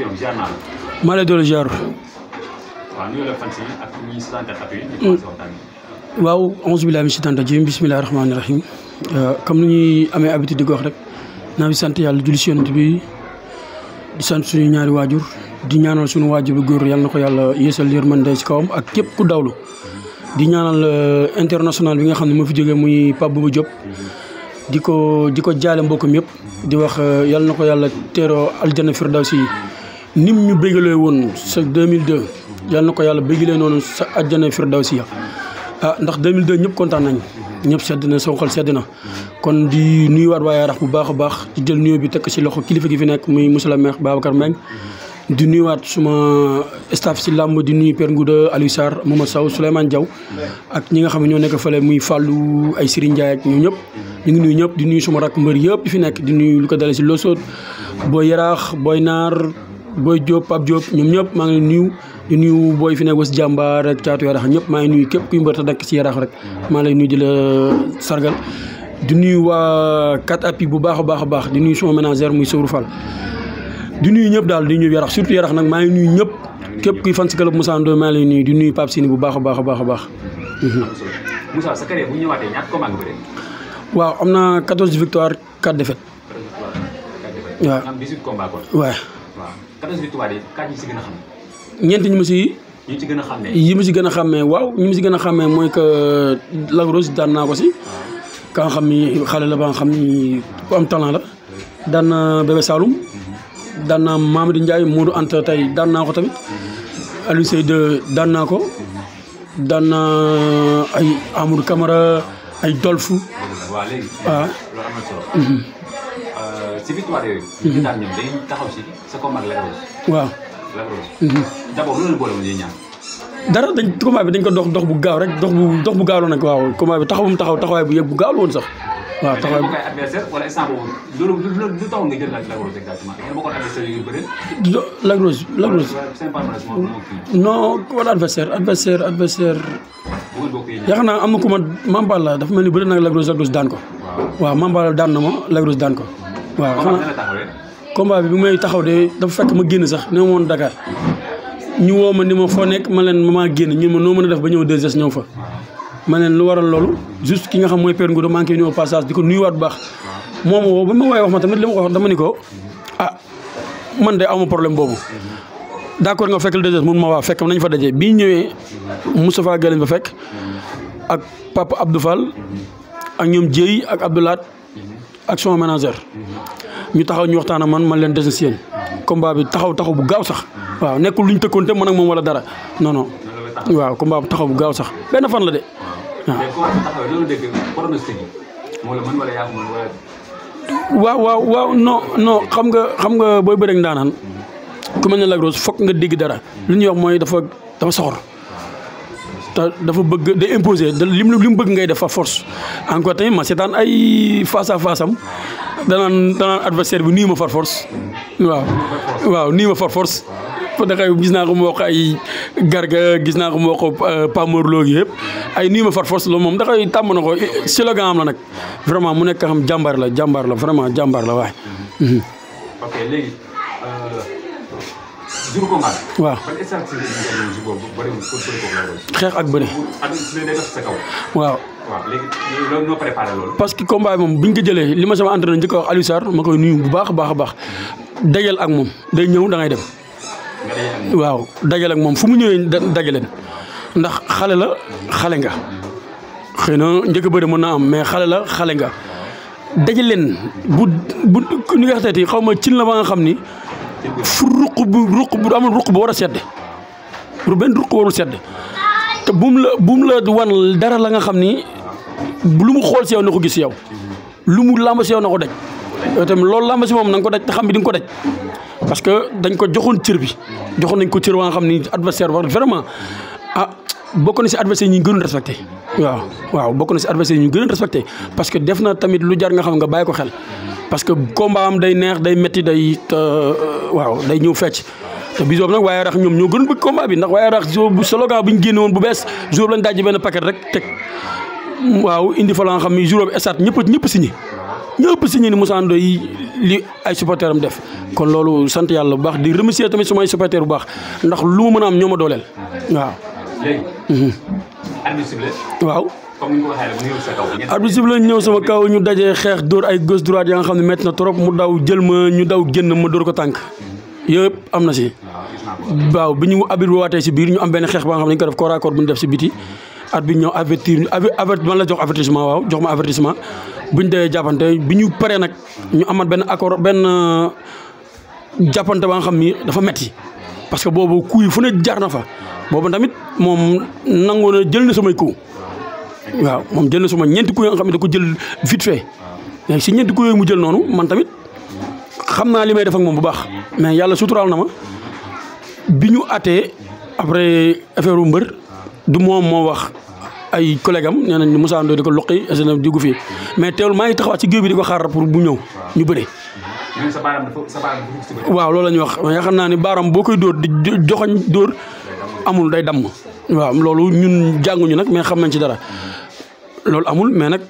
Kër ziar la. maa waaw nuyu la fan si ak ñi si mm. bismillahi rahmaani rahim euh, comme ni ñuy amee habitude di ko wax rek naa ngi sant yàlla julli si yonent bi di sant suñu ñaari waajur di ñaanal suñu waajur bu góor yal na ko yàlla yéesal yërmande ci kawam ak képp ku dawlu di ñaanal euh, international bi nga xam ne moo fi jógee muy Pape Bouba Diop di ko di ko jaale mbokkam yëpp di wax euh, yal na ko yàlla teeroo aljana firdawsi nim ñu bégalee woon sa 2002 yal na ko yàlla bégalee noonu sa àjjana firdawsiya ah ndax 2002 ñëpp kontaan nañ ñëpp sedd na sonxal sedd na kon di nuy nuyuwaat waa Yaraax bu baax a baax di jël nuyoo bi tekk ci loxo kilifa gi fi nekk muy monsieur le maire Babacar Mbengue di waat suma staff si làmb di nuyu Père Ngouda Aliou Sarr Mamadou Sow Souleymane Diaw ak ñi nga xam ne ñoo nekk fële muy fàllu ay Serigne Ndiaye ak ñoom ñëpp ñu nuy nuyu ñëpp di nuy suma rakk mbër yëpp fi nekk di nuyu lu ko dalee ci Lossot booy Boy Diop Pape Diop ñoom ñëpp maa ngi nuyu di nuyu booy fi nekk jàmbar jàmbaar ak caatu yaraax ñëpp maa ngi nuyu képp kuy mbër te dakk ci yaraax rek maa lay nuyu di la sargal di nuyu waa quatre appuis bu baax a baax a baax di nuyu sama ménagère muy Sourou Fall di nuyu ñëpp daal di nuyu yarax surtout yarax nag maa ngi nuyu ñëpp képp kuy fan si club Moussa Ndoye maa ngi lay nuyu di nuyu Pape Sini bu baax a baax a baax a baax. Moussa sa waaw am na 14 victoire 4 défaites. 14 victoire 4 14 victoires yi kan ñu si gën a xam. ñeent ñu mu si. ci gën a xàmmee. yi mu si gën a xàmmee waaw ñu mu si gën a xàmmee mooy que euh, Lac Rose daan naa ko si. Ah. ka nga xam ni xale la ba xam ni ku am talent la. daan naa Bébé Saloum. Mm-hmm. daan naa Mamadou Ndiaye Modou Anta tey daan naa ko tamit. Mm-hmm. Aliou Seydou daan naa ko. Mm-hmm. daan naa euh, ay Amadou Camara ay Dolf. waaw si victoire yooyu. ñu taxaw si sa combat ak Lac Rose. waaw Lac dara dañ combat bi dañ ko dox dox bu gaaw rek dox bu dox bu gaaw la nag waaw combat bi taxawum taxaw taxawaay bu yëg bu gaaw sax. waaw taxawaay bu adversaire wala instant boobu loolu loolu lu taxoon nga jël Lac Rose exactement ngeen bokkoon adversaire naa am na ku ma Mamballa dafa mel ni bëri nag Lac Rose Lac daan ko. waaw Mamballa daan na ma Lac daan ko. waaw xam nga combat bi bi may taxaw de dafa fekk ma génn sax ne ma woon Dakar ñu woo ma ni ma foo nekk ma leen maa génn ñu ma noo mën a def ba ñëw 2S ñëw fa. ma leen lu waral loolu juste ki nga xam mooy Père Ngouda maa ngi koy ñëw di ko nuyuwaat bu baax moom woo ba wax ma tamit li ma ko dama ni ko ah man de awma problème boobu. d'accord nga fekk le 2S mun ma waa fekk nañ fa daje bi ñëwee Moustapha Gueye lañ fa fekk ak papa Abdou Fall ak ñoom Dieye ak Abdoulaat. action ménagère ñu taxaw ñu waxtaan ak man man leen des si yéen combat bi taxaw taxaw bu gaaw sax waaw nekkul lu ñu tëkkoonte man ak moom wala dara non non waaw combat bu taxaw bu gaaw sax benn fan la de waaw waaw waaw non xam nga xam nga booy bëreeg ndaanaan ku mel ne Lac Rose nga dégg dara lu ñuy wax mooy dafa dafa soxor te dafa bëgg day imposer li mu li mu bëgg ngay def fa force encore tamit ma seetaan ay face à face am danaan danaan adversaire bi nuyu ma far force waaw waaw nuyu ma far force dakaw gis naa ko mu ay garga gis naa ko mu wax euh, Pamor Lo yëpp ay nuyu ma far force la moom dakaw tàmm na ko slogan am la nag vraiment mu nekk xam jàmbaar la jàmbaar la vraiment jàmbaar la waaye. jur waaw xeex ak bëri. ak day def sa que combat bi moom bi ko jëlee li ma sama entraîneur njëkk a wax Aliou Sarr ma koy nuyu bu baax a baax a baax dajal ak moom day ñëw da dem. waaw dajal ak moom fu mu ñëwee dajale ndax xale la xale nga. xëy na njëkk a bëri mën naa am mais xale la xale nga. dajaleen bu bu ni nga xamante xaw ma cin la ba nga xam ni. fu ruq bu ruq bu amul ruq bu war a sedd pour benn ruq warul sedd te bu la bu mu la wan dara la nga xam ni lu mu xool si yow na ko gis yow lu mu làmb si yow na ko daj yow tamit loolu làmb si moom na nga ko daj te xam bi di nga ko daj parce que dañ ko joxoon cër bi joxoon nañ ko cër waa nga xam ni adversaire war vraiment ah bokk na si adversaire yi ñu gënoon respecté waaw waaw bokk na si adversaire ñu gënoon respecté parce que def na tamit lu jar nga xam nga bàyyi ko xel parce que combat am day neex day métti day euh, waaw day ñëw fecc te Bijou nag waaye rax ñoom ñoo gën bëgg combat bi ndax waaye rax bu slogan bu ñu génne woon bu bees jour lañ dajji benn paquet rek teg waaw indi fa la xam ni jour bi estat ñëpp ñëpp signé ñëpp signé ni Moussa Ndoye li ay supporteurs am def. kon loolu sant yàlla bu baax di remercier tamit sumay supporteurs bu baax ndax lu mën am ñoo ma dooleel waaw. léegi. Mhm. waaw. comme ni ko ñëw sama kaw ñu dajee xeex dóor ay gauche droite ya nga xam ne metti na trop mu daw jël ma ñu daw génn ma dóor ko tànk. Mhm. yëpp am na si. waaw mhm. bi ñu abir waatee si biir ñu am benn xeex ba nga xam ne dañu ko def corps à bu ñu def si biti. at bi ñëw avertir avert man la jox avertissement waaw jox ma avertissement bu ñu dee jàppante bi ñu paree nag ñu amaat benn accord benn euh, jàppante ba nga xam ni dafa metti parce que boobu kuy fu ne jaar na fa. boobu tamit moom nangoo na jël na samay coup waaw moom jël na sama ñeenti ku yoo xam da ko jël vite si ñeenti coup yooyu mu jël noonu man tamit xam naa li may def moom bu baax mais yàlla suturaal na ma bi ñu atee après affaire u mbër du moom moo wax ay collègue am nee nañ Moussa Ndoye di ko loqi sna jógu fii mais teewul maa ngi taxawaat ci géew bi di ko xaar pour bu ñëw ñu bëree waaw loolu la ñuy wax mais xam naa ni baaram boo koy dóor di joxoñ dóor amul day dam waaw loolu ñun jànguñu nag mais xam nañ ci dara loolu amul mais nag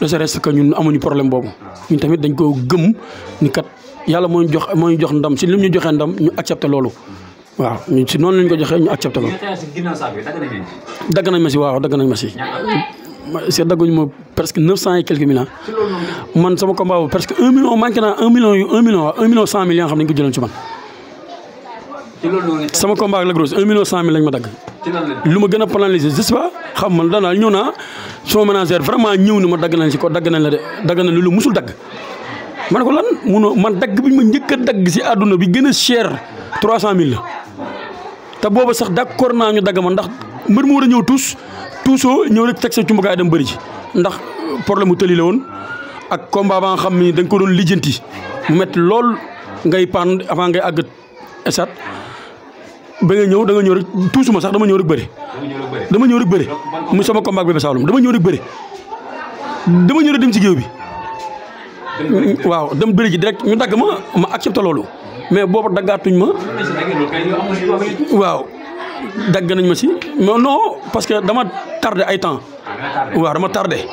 de ce reste que problème boobu ñun tamit dañ ko gëm ni kat yàlla ñu jox moo ñu jox ndam si lim ñu joxee ndam ñu accepté loolu. waaw ñu si noonu lañ ko joxee ñu accepté loolu. dagg nañ ma si waaw dagg nañ ma si. c'est dagguñu ma presque neuf cent et quelques millions man sama combat boobu presque un million manqué naa un million un million un million cent millions xam nañ ko jëloon ci sama combat ak Lac Rose un million cent mille lañ ma dagg. lu ma gën a planifié je sais xam ma daanaka ñëw naa sama manager vraiment ñëw ni ma dagg nañ si ko dagg nañ la de dagg nañ lu musul dagg. ma ne ko lan munoo man dagg bi ma njëkk a dagg si àdduna bi gën a cher trois cent mille la te booba sax d'accord naa ñu dagg ma ndax mbër mu war a ñëw tuus tuusoo ñëw rek teg sa cumbukaay dem bëri ji ndax problème mu tëli la woon ak combat ba nga xam ni dañ ko doon lijjanti mu métti lool ngay pan avant ngay àgg ba nga ñëw da nga ñëw rek tuusuma sax dama ñëw rek bëri. dama ñëw rek bëri mu sama combat bi ba dama ñëw rek bëri dama ñëw rek ci géew bi. waaw dama bëri ji direct ñu dagg ma ma accepté mais boobu daggaatuñ ma. waaw dagg nañ ma si non non parce que dama tardé ay temps. waaw dama tardé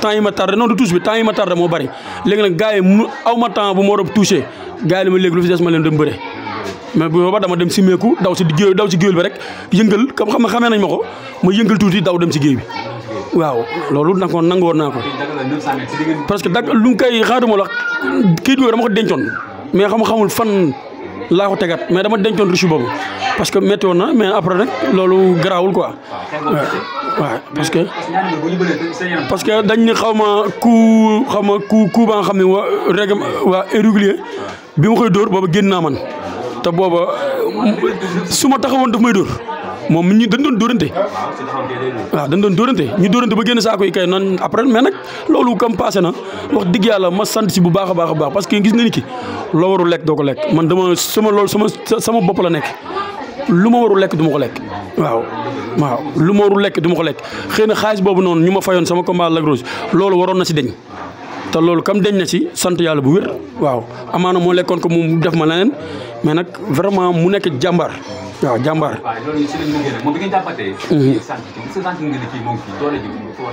temps yi ma tardé non du touche bi temps yi ma tardé moo bari léegi nag gars mu aw ma temps bu ma war a touché gars yi ma léegi lu fi des ma leen dam bëre. mais bu booba dama dem si meeku daw si géew daw si géew bi rek yëngal comme xam xamee nañ ma ko ma yëngal tuuti daw dem si géew bi waaw loolu nag kon nangoon naa ko. parce que dag lu nga koy xaaruma la kii bi dama ko dencoon mais xam xamul fan laa ko tegaat mais dama dencoon riche boobu parce que métti woon na mais après nag loolu garaawul quoi. waaw parce que parce que dañ ne xaw ma ku xaw ku ku ba nga xam ne waa règle waa irrégulier bi ma koy dóor boobu génn naa man. te booba su ma taxawoon daf may dóor moom ñu dañ doon dóorante waaw dañ doon dóorante ñu dóorante ba génn saako yi kay noonu après mais nag loolu kam passé na wax dëgg yàlla ma sant si bu baax a baax a baax parce que gis nga ni ki loo warul lekk doo ko lekk man dama sama loolu sama sama bopp la nekk lu ma warul lekk du ma ko lekk waaw waaw lu ma warul lekk du ma ko lekk xëy na xaalis boobu noonu ñu ma fayoon sama combat Lac Rose loolu waroon na si deñ te loolu kam deñ na si sant yàlla bu wér waaw amaana moo lekkoon ko moom def ma leneen mais nag vraiment mu nekk jàmbaar waaw jàmbaar. waaw loolu si lañ liggéey mhm. a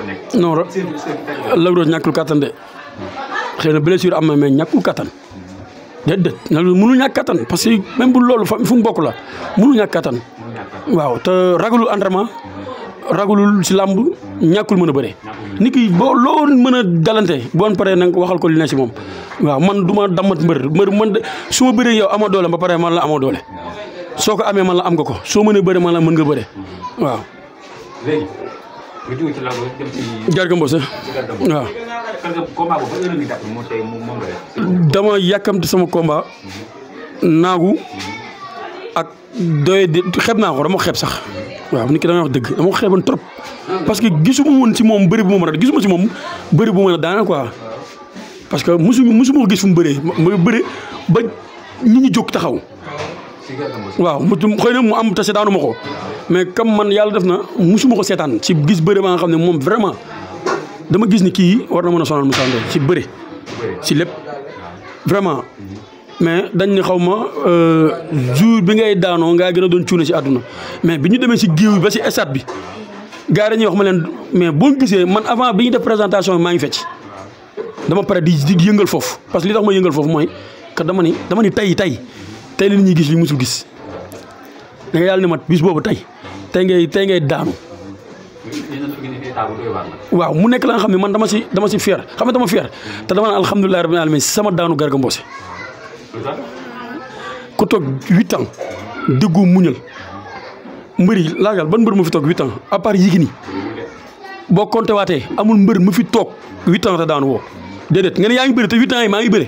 nekk. non kattan de xëy na blessure am na mais ñàkkul kattan déedéet mënu ñàkk kattan parce que même bu loolu fa fu mu bokk la mënu ñàkk kattan waaw te ragalul entraînement. Mhm. ragalul si làmb ñàkkul mën a bëre. nit boo loo mën a dalante bon pare nanga nga waxal ko li ne si moom waaw man du ma dammat mbër mbër man su ma bëree yow amoo doole ba pare man la amoo doole soo ko amee man la am nga ko soo mënee bëre man la mën ga bëre waaw. léegi nga jógee dama yàkkamti sama combat naagu ak doy de xeeb naa ko dama xeeb sax. waaw nit ki da nga wax dëgg dama ko xeeboon trop. parce que gisuma woon ci moom bëri bu ma mën a gisuma ci bëri bu ma a daanaka quoi. parce que mosu mosuma ko gis fu mu bëree ma bëri ba nit ñi jóg taxaw. waaw mu xëy na mu am te seetaanu ma ko. mais comme man yàlla def na mosuma ko seetaan ci gis bëri ba nga xam ne moom vraiment dama gis ni kii war na mën a sonal Moussa Ndoye ci bëri. ci lépp vraiment. mais dañ ne xaw ma euh, jour bi ngay daanoo ngaa gën a doon cuune si àdduna mais bi ñu demee si géew ba si stade bi gars dañuy wax ma leen mais boo gisee man avant bi def présentation maa ngi fecc dama pare di di yëngal foofu parce que li yëngal foofu mooy que dama ni dama ni tey tey tey li ñuy gis li musul gis da yàlla ne ma bis boobu tey tey ngay tey ngay daanu. waaw mu nekk la nga xam ne man dama si dama si fier xam ne dama fier te dama naan alhamdulilah rabbil alamin sama daanu Garga Mbossé ku toog huit ans déggu muñal mbër laajal ban mbër mu fi toog huit ans à part Yékini boo compté waatee amul mbër mu fi toog huit ans te daan woo déedéet nga ne yaa ngi bëri te huit ans yi maa ngi bëri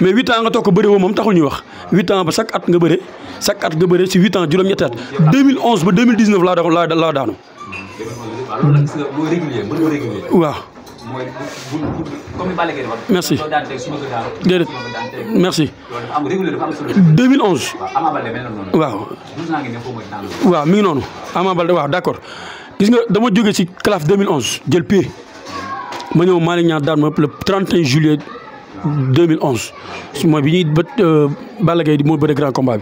mais huit ans nga toog ko bëri woo moom taxul ñuy wax huit ans ba chaque at nga bëri chaque at nga bëri si huit an juróom-ñetti at ba laa daanu. waaw. mooy bu bu merci déedéet merci. 2011. waaw. waaw mi ngi noonu Ama Baldé waaw d' accord gis nga dama jógee ci CLAF 2011 jël pied ma ñëw Malick daan ma le 31 juillet 2011 mooy bi ñuy bët euh, Balla Gaye moo bëre grand combat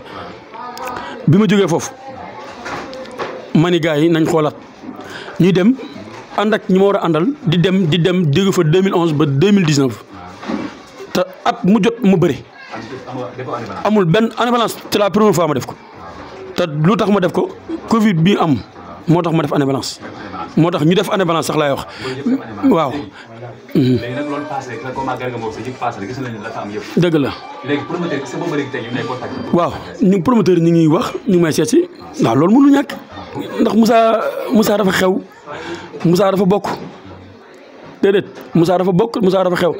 bi ma jógee foofu mani gars yi nañ xoolaat ñuy dem. ànd ak ñi ma war a àndal di dem di dem jóge fa 2011 ba 2019 te at mu jot mu bari amul benn année balance c'est la ma def ko te lu tax ma def ko Covid bi am moo tax ma def année moo tax ñu def année sax laay wax waaw. Mhm. léegi nag loolu passé rek comme ak gàllankoor bi ñu am yëpp. dëgg la léegi promoteur ñu ngi contact. waaw ñu promoteur ñu ngi wax ñu ngi may seet si ndax loolu mënul ñàkk ndax Moussa musaa dafa xew. Moussa dafa bokk déedéet Moussa dafa bokk Moussa dafa xew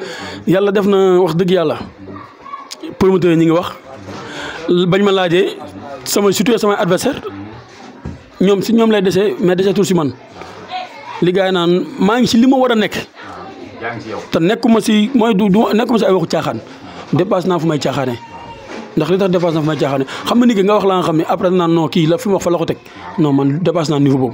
yàlla def na wax dëgg yàlla pour mu promoteur ñi ngi wax bañ ma laajee sama surtout sama adversaire ñoom si ñoom lay dese mais desee tur si man li gars yi naan maa ngi si li ma war a nekk te nekkuma si mooy du nekkuma si ay waxu caaxaan dépasse naa fu may caaxaane ndax li tax dépasse naa fu may caaxaane xam nga nit ki nga wax la nga xam ne après naan non kii la fi mu wax fa la ko teg non man dépasse boobu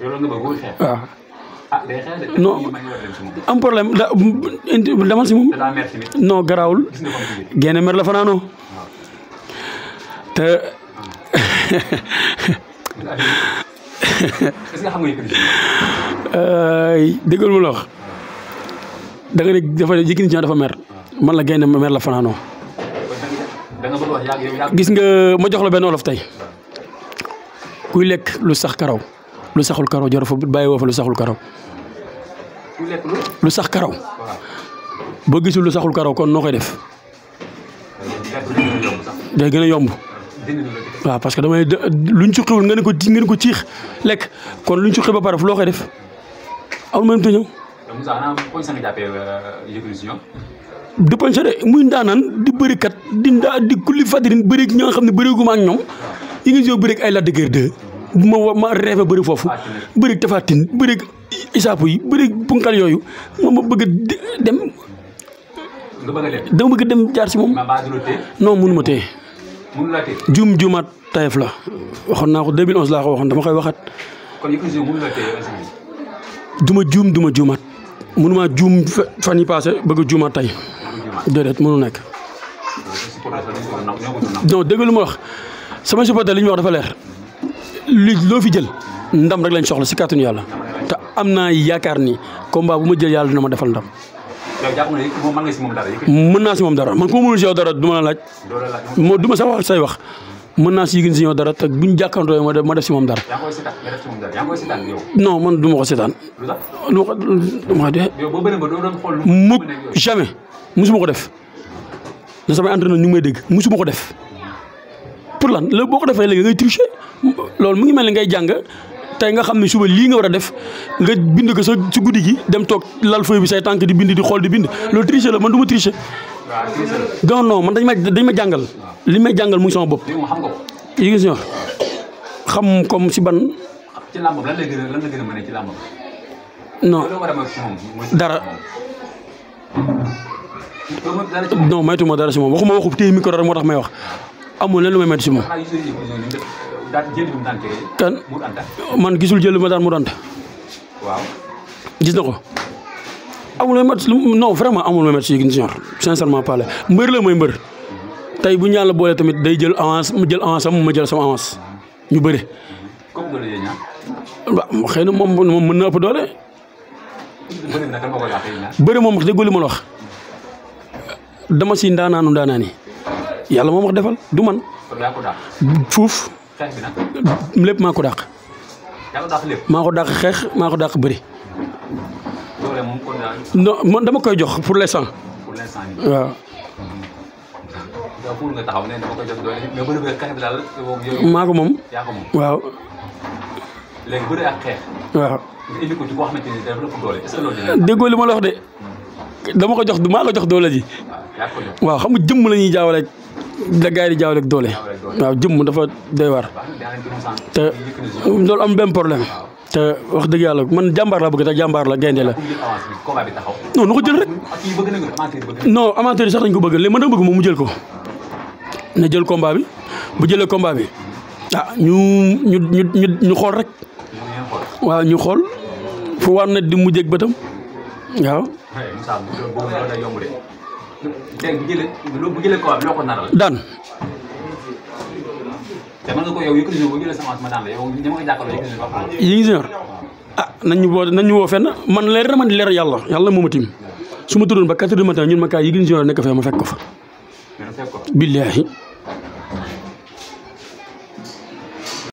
yow loolu nga ah. Ah, am problème da si moom. non garaawul. génne mer la fanaanoo ah. te. Euh, déggal mu la wax da nga ne dafa Yékini Junior dafa mer man la gaynde mer la fanaanoo gis nga ma jox la benn olof tey kuy lekk lu sax karaw lu saxul karaw jaru bàyyi woo fa lu saxul sax karaw. boo gisul lu saxul karaw kon noo koy def. da gën a yomb. waaw parce que damay luñ ci xiwul nga ne ko ci ko ciix lekk kon lu ci xiw ba pare fu loo koy def amul mënut a ñëw. du poñse de muy ndaanaan di bëri kat di ndaa di kulli fadirin bëri ñoo xam ne bëreeguma ak ñoom yi nga ñëw ay la de Guiers ma ma rêvé bëri foofu bëri tafatin bëri isaapu yi bëri punkal yooyu ma ma bëgg dem dama bëgg dem jaar si moom non mënu ma juum juumaat tayef la waxoon naa ko 2011 laa ko waxoon dama koy waxaat duma juum duma juumaat mënuma juum fan yi passé bëgg a juumaat tey déedéet mënu nekk non dégg lu ma wax sama supporter li ñu wax dafa leer loo fi jël ndam rek lañ soxla si kàttanu yàlla te am naa yaakaar ni combat bu ma jël yàlla dina ma defal ndam. mën naa si moom dara man ku ma mënul si yow dara du ma la laaj. moo du ma sax wax say wax mën naa si yëgin si yow dara te buñ jàkkandoo ma def ma def si moom dara. non man du ma ko seetaan. lu ma ko de. mukk jamais musuma ko def. ne samay entraîneur ñu ngi may dégg musuma ko def. pour lan léegi boo ko defee léegi ngay tricher loolu mu ngi mel ni ngay jàng tey nga xam ne suba lii nga war a def nga bind ko sa si guddi gi dem toog lal feuille bi say tànk di bind di xool di bind loolu tricher la man du ma tricher. non non man dañ ma dañ ma jàngal li may jàngal mu ngi sama bopp. yi nga si wax xam comme si ban. ci làmb a a mën ci làmb. non dara. non moytu ma dara si moom waxuma waxu téye micro moo tax may wax. amul lenn lu may metti si moom. kan man gisul jël ma daan mu dant. waaw. gis na ko. amul may metti non vraiment si Yékini Junior sincèrement mbër la mooy mbër. tey bu ñu la boole tamit day jël avance mu jël avance am ma jël sama avance ñu bëri. waaw na moom moom mën na ëpp doole. bëri moom wax dëgg li ma la dama si ndaanaanu ndaanaan yàlla moom wax defal du man. fuuf. lépp maa ko dàq. maa ko dàq xeex maa ko dàq bëri. non man dama koy jox pour l'instant. pour l'instant waaw. maa ko moom. waaw. léegi bëri ak xeex. waaw. déggoo li ma la wax de. dama ko jox du maa ko jox doole ji. waaw xam nga jëmm la ñuy jaawale la gars yi di jaawale doole waaw jëmm dafa doy waar te loolu am benn problème te wax dëgg yàlla man jàmbaar laa bëgg te jàmbaar la gaynde la non nu ko jël rek non amateur yi sax dañ ko bëgg léegi man dama bëgg moom mu jël ko na jël combat bi bu jëlee combat bi ah ñu ñu ñu ñu xool rek waaw ñu xool fu war na di mujjee ak bëtam waaw daan. te mën nga ko yow yëkkati bu jëlee semence ma yi ngi si ah nañ ñu woo nañ man leer na man leer yàlla yàlla moo ma tiim su ma tuddoon ba 4 heures du matin ñun ma kaay yi ngi nekk fee ma fekk fa. billaahi